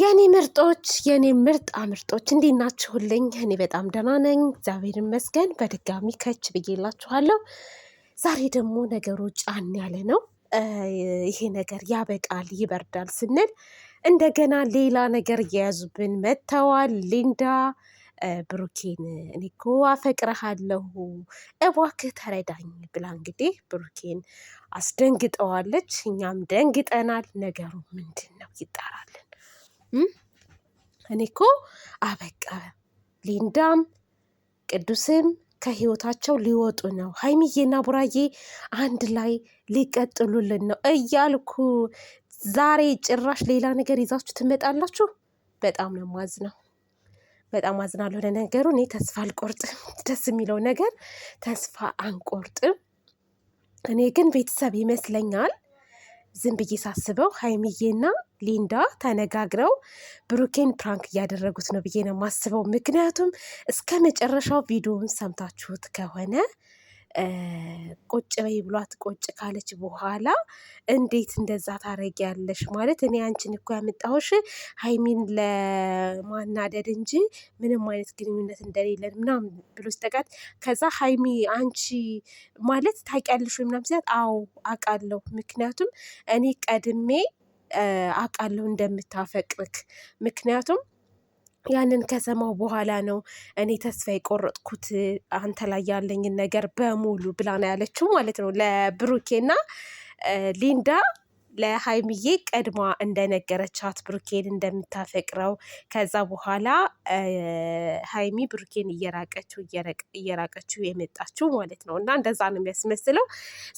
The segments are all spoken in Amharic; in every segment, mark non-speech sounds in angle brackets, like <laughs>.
የኔ ምርጦች የኔ ምርጥ አምርጦች እንዴት ናችሁልኝ? እኔ በጣም ደህና ነኝ፣ እግዚአብሔር ይመስገን። በድጋሚ ከች ብዬላችኋለሁ። ዛሬ ደግሞ ነገሩ ጫን ያለ ነው። ይሄ ነገር ያበቃል ይበርዳል ስንል እንደገና ሌላ ነገር እየያዙብን መጥተዋል። ሊንዳ ብሩኬን እኔ እኮ አፈቅረሃለሁ እባክህ ተረዳኝ ብላ እንግዲህ ብሩኬን አስደንግጠዋለች። እኛም ደንግጠናል። ነገሩ ምንድን ነው ይጠራልን እኔ እኮ አበቃ ሊንዳም ቅዱስም ከህይወታቸው ሊወጡ ነው፣ ሀይሚዬና ቡራዬ አንድ ላይ ሊቀጥሉልን ነው እያልኩ ዛሬ ጭራሽ ሌላ ነገር ይዛችሁ ትመጣላችሁ። በጣም ነው የማዝነው። በጣም አዝናለሁ። ለነገሩ እኔ ተስፋ አልቆርጥም። <laughs> ደስ የሚለው ነገር ተስፋ አንቆርጥም። እኔ ግን ቤተሰብ ይመስለኛል ዝም ብዬ ሳስበው ሀይሚዬና ሊንዳ ተነጋግረው ብሩኬን ፕራንክ እያደረጉት ነው ብዬ ነው የማስበው። ምክንያቱም እስከ መጨረሻው ቪዲዮውን ሰምታችሁት ከሆነ ቁጭ በይ ብሏት ቁጭ ካለች በኋላ እንዴት እንደዛ ታረጊያለሽ? ማለት እኔ አንቺን እኮ ያመጣሁሽ ሀይሚን ለማናደድ እንጂ ምንም አይነት ግንኙነት እንደሌለን ምናምን ብሎ ሲጠቃት፣ ከዛ ሀይሚ አንቺ ማለት ታውቂያለሽ ወይ ምናምን ሲያት፣ አዎ አውቃለሁ፣ ምክንያቱም እኔ ቀድሜ አውቃለሁ እንደምታፈቅርክ ምክንያቱም ያንን ከሰማው በኋላ ነው እኔ ተስፋ የቆረጥኩት አንተ ላይ ያለኝን ነገር በሙሉ ብላ ነው ያለችው ማለት ነው። ለብሩኬና ሊንዳ ለሀይሚዬ ቀድማ እንደነገረቻት ብሩኬን እንደምታፈቅረው ከዛ በኋላ ሀይሚ ብሩኬን እየራቀችው እየራቀችው የመጣችው ማለት ነው። እና እንደዛ ነው የሚያስመስለው።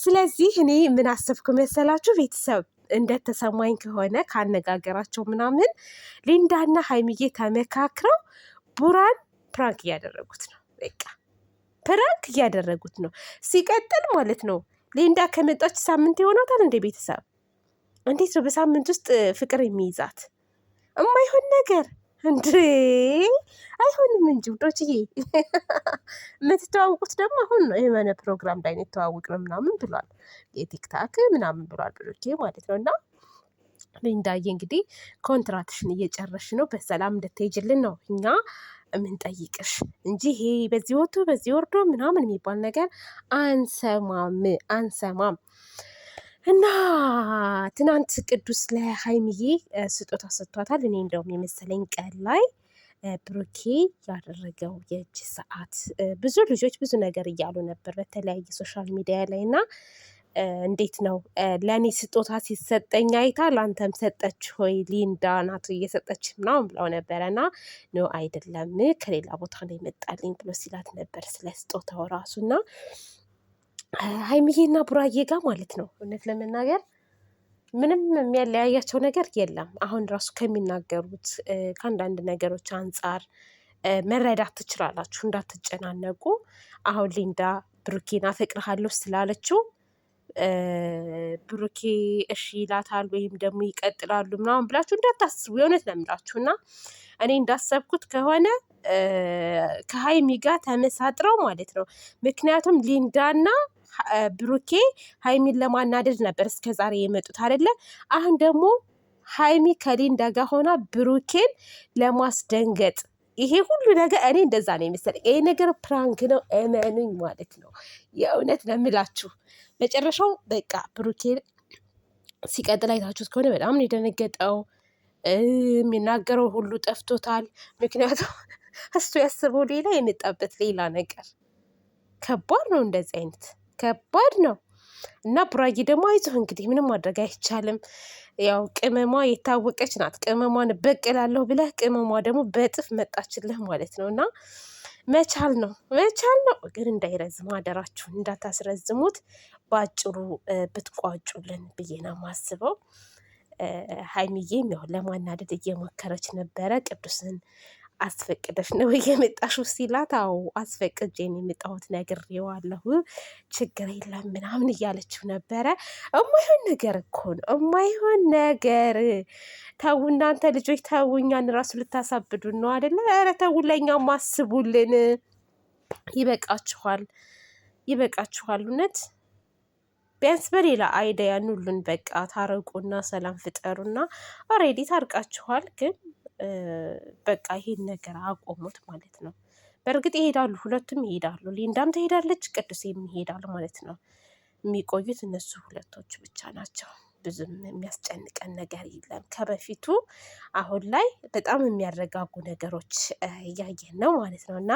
ስለዚህ እኔ ምን አሰብኩ መሰላችሁ ቤተሰብ እንደተሰማኝ ከሆነ ካነጋገራቸው ምናምን ሊንዳና ሀይሚዬ ተመካክረው ቡራን ፕራንክ እያደረጉት ነው። በቃ ፕራንክ እያደረጉት ነው። ሲቀጥል ማለት ነው ሊንዳ ከመጣች ሳምንት የሆናታል እንደ ቤተሰብ እንዴት ነው በሳምንት ውስጥ ፍቅር የሚይዛት? እማይሆን ነገር እንዴ አይሆንም እንጂ ውዶችዬ፣ <laughs> የምትተዋውቁት ደግሞ አሁን ነው። የሆነ ፕሮግራም ላይ የተዋውቅ ነው ምናምን ብሏል። የቲክታክ ምናምን ብሏል ብሎቼ ማለት ነው። እና እንዳየ እንግዲህ ኮንትራትሽን እየጨረሽ ነው፣ በሰላም እንደትሄጅልን ነው እኛ ምንጠይቅሽ እንጂ ይሄ በዚህ ወጥቶ በዚህ ወርዶ ምናምን የሚባል ነገር አንሰማም አንሰማም። እና ትናንት ቅዱስ ለሀይሚዬ ስጦታ ሰጥቷታል። እኔ እንደውም የመሰለኝ ቀን ላይ ብሩኬ ያደረገው የእጅ ሰዓት ብዙ ልጆች ብዙ ነገር እያሉ ነበር በተለያየ ሶሻል ሚዲያ ላይ እና እንዴት ነው ለእኔ ስጦታ ሲሰጠኝ አይታ ለአንተም ሰጠች ሆይ ሊንዳ ናቱ እየሰጠች ምናምን ብለው ነበረ እና ኖ አይደለም ከሌላ ቦታ ነው የመጣልኝ ብሎ ሲላት ነበር ስለ ስጦታው ራሱ እና ሀይሚዬና ቡራዬ ጋር ማለት ነው። እውነት ለመናገር ምንም የሚያለያያቸው ነገር የለም። አሁን ራሱ ከሚናገሩት ከአንዳንድ ነገሮች አንጻር መረዳት ትችላላችሁ። እንዳትጨናነቁ። አሁን ሊንዳ ብሩኬን አፈቅርሃለሁ ስላለችው ብሩኬ እሺ ይላታል ወይም ደግሞ ይቀጥላሉ ምናምን ብላችሁ እንዳታስቡ። የእውነት ነው የምላችሁ እና እኔ እንዳሰብኩት ከሆነ ከሀይሚ ጋር ተመሳጥረው ማለት ነው። ምክንያቱም ሊንዳና ብሩኬ ሀይሚን ለማናደድ ነበር እስከ ዛሬ የመጡት አይደለ? አሁን ደግሞ ሀይሚ ከሊንዳ ጋር ሆና ብሩኬን ለማስደንገጥ ይሄ ሁሉ ነገር እኔ እንደዛ ነው የመሰለኝ። ይሄ ነገር ፕራንክ ነው እመኑኝ ማለት ነው። የእውነት ነው የምላችሁ። መጨረሻው በቃ ብሩኬን ሲቀጥል አይታችሁት ከሆነ በጣም ነው የደነገጠው። የሚናገረው ሁሉ ጠፍቶታል። ምክንያቱም እሱ ያስበው ሌላ የመጣበት ሌላ ነገር። ከባድ ነው እንደዚህ አይነት ከባድ ነው። እና ቡራዬ ደግሞ አይዞህ እንግዲህ ምንም ማድረግ አይቻልም። ያው ቅመሟ የታወቀች ናት። ቅመሟን በቅላለሁ ብለህ ቅመሟ ደግሞ በእጥፍ መጣችልህ ማለት ነው። እና መቻል ነው መቻል ነው። ግን እንዳይረዝም አደራችሁ እንዳታስረዝሙት በአጭሩ ብትቋጩልን ብዬ ነው የማስበው። ሀይሚዬም ያው ለማናደድ እየሞከረች ነበረ ቅዱስን አስፈቅደሽ ነው የመጣሽው ሲላት፣ አዎ አስፈቅጄን ነው የመጣሁት ነግሬዋለሁ፣ ችግር የለም ምናምን እያለችው ነበረ። እማይሆን ነገር እኮ ነው፣ እማይሆን ነገር። ተው እናንተ ልጆች ተው፣ እኛን ራሱ ልታሳብዱን ነው አደለ? ኧረ ተው፣ ለእኛም አስቡልን። ይበቃችኋል፣ ይበቃችኋል እውነት ቢያንስ በሌላ አይዲያ ኑሉን። በቃ ታረቁና ሰላም ፍጠሩና ኦልሬዲ ታርቃችኋል ግን በቃ ይሄን ነገር አቆሙት ማለት ነው። በእርግጥ ይሄዳሉ፣ ሁለቱም ይሄዳሉ። ሊንዳም ትሄዳለች፣ ቅዱሴም ይሄዳል ማለት ነው። የሚቆዩት እነሱ ሁለቶች ብቻ ናቸው። ብዙም የሚያስጨንቀን ነገር የለም ከበፊቱ። አሁን ላይ በጣም የሚያረጋጉ ነገሮች እያየን ነው ማለት ነው እና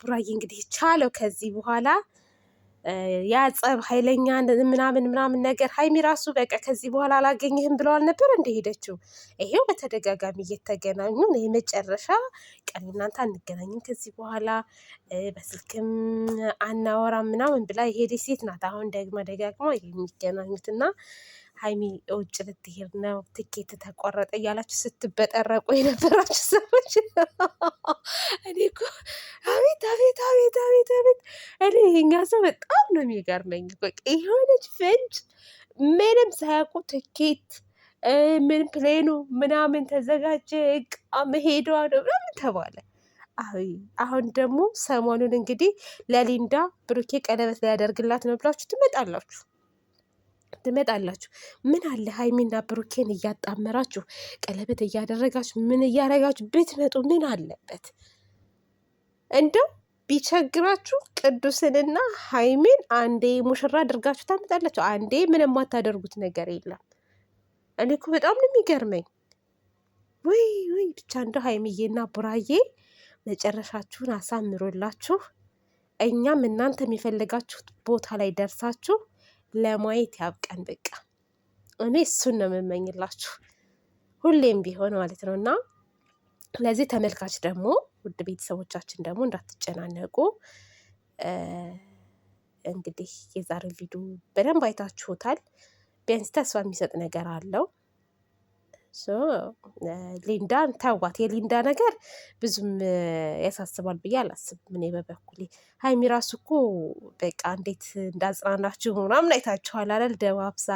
ቡራዬ እንግዲህ ቻለው ከዚህ በኋላ ያጸብ ኃይለኛ ምናምን ምናምን ነገር ሀይሚ ራሱ በቃ ከዚህ በኋላ አላገኝህም ብለዋል ነበር እንደሄደችው ይሄው በተደጋጋሚ እየተገናኙ የመጨረሻ ቀን እናንተ አንገናኝም ከዚህ በኋላ በስልክም አናወራም ምናምን ብላ የሄደች ሴት ናት። አሁን ደግማ ደጋግማ የሚገናኙትና ሀይሚ ውጭ ልትሄድ ነው፣ ትኬት ተቆረጠ እያላችሁ ስትበጠረቁ የነበራችሁ ሰዎች <laughs> እኔ እኮ አቤት አቤት አቤት አቤት አቤት እኔ ይሄኛ ሰው በጣም ነው የሚገርመኝ። የሆነች ፍንጭ ምንም ሳያውቁ ትኬት ምን ፕሌኑ ምናምን ተዘጋጀ እቃ መሄዷ ነው ምናምን ተባለ። አሁን ደግሞ ሰሞኑን እንግዲህ ለሊንዳ ብሩኬ ቀለበት ሊያደርግላት ነው ብላችሁ ትመጣላችሁ። ትመጣላችሁ። ምን አለ ሀይሚና ብሩኬን እያጣመራችሁ ቀለበት እያደረጋችሁ ምን እያደረጋችሁ ብትመጡ ምን አለበት? እንደው ቢቸግራችሁ ቅዱስንና ሀይሚን አንዴ ሙሽራ አድርጋችሁ ታመጣላችሁ። አንዴ ምን የማታደርጉት ነገር የለም። እኔ እኮ በጣም ነው የሚገርመኝ። ውይ ውይ ብቻ እንደው ሀይሚዬና ቡራዬ መጨረሻችሁን አሳምሮላችሁ እኛም እናንተ የሚፈልጋችሁት ቦታ ላይ ደርሳችሁ ለማየት ያብቀን። በቃ እኔ እሱን ነው የምመኝላችሁ ሁሌም ቢሆን ማለት ነው እና ለዚህ ተመልካች ደግሞ ውድ ቤተሰቦቻችን ደግሞ እንዳትጨናነቁ እንግዲህ የዛሬ ቪዲዮ በደንብ አይታችሁታል። ቢያንስ ተስፋ የሚሰጥ ነገር አለው። ሊንዳን ተዋት። የሊንዳ ነገር ብዙም ያሳስባል ብዬ አላስብም። እኔ በበኩሌ ሀይሚ ራሱ እኮ በቃ እንዴት እንዳጽናናችሁ ምናምን አይታችኋል አይደል? ደባብሳ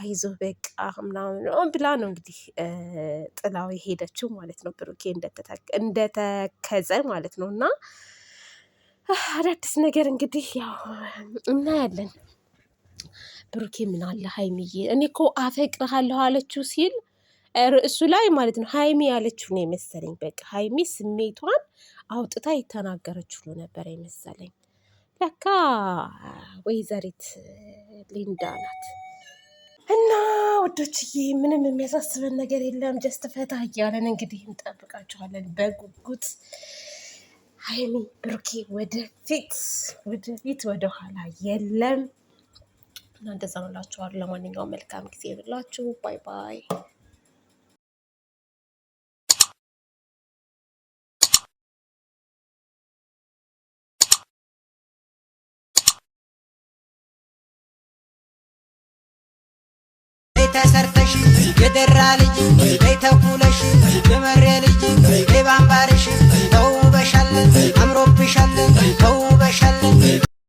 አይዞ በቃ ምናምን ብላ ነው እንግዲህ ጥላው የሄደችው ማለት ነው። ብሩኬ እንደተከዘ ማለት ነው። እና አዳዲስ ነገር እንግዲህ ያው እናያለን። ብሩኬ ምን አለ ሀይሚዬ፣ እኔ እኮ አፈቅርሃለሁ አለችው ሲል ርዕሱ ላይ ማለት ነው ሀይሚ ያለችው ነው የመሰለኝ። በቃ ሀይሚ ስሜቷን አውጥታ የተናገረችው ነው ነበረ የመሰለኝ። ለካ ወይዘሪት ሊንዳ ናት። እና ወዶችዬ ምንም የሚያሳስበን ነገር የለም። ጀስት ፈታ እያለን እንግዲህ እንጠብቃችኋለን በጉጉት ሀይሚ ብሩኬ ወደፊት ወደፊት ወደኋላ የለም። እናንተ ዛኑላችኋል። ለማንኛውም መልካም ጊዜ ብላችሁ ባይ ባይ ተሰርተሽ የደራ ልጅ በይ ተኩለሽ የመሬ ልጅ በይ